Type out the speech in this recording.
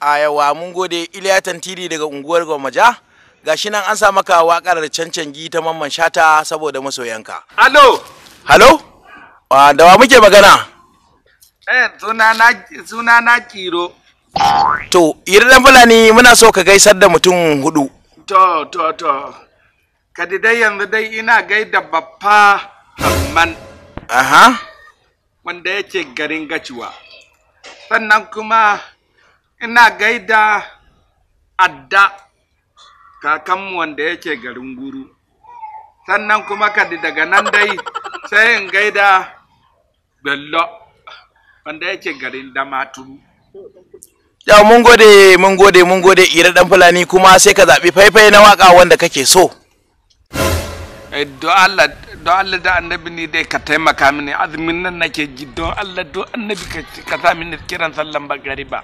a yawa mun gode iliya tantiri daga unguwar gwamaja gashi nan an sa maka wakar gi ta mamman shata saboda masoyanka alo halo da wa muke magana eh suna na kiro to irin fulani muna so ka gaisar da mutum hudu to to to kadi dai yanzu dai ina gaida bappa man aha wanda yake garin gaciwa sannan kuma ina gaida adda kakanmu wanda yake garin guru sannan kuma kadi daga nan dai sai in gaida bello wanda yake garin damaturu ya mun gode mun gode mun gode ira dan fulani kuma sai ka zaɓi faifai na waka wanda kake so Eh, don Allah do Allah da annabi ni dai ka taimaka mini azumin nan nake ji don Allah don annabi ka sa mini kiran sallan bagari ba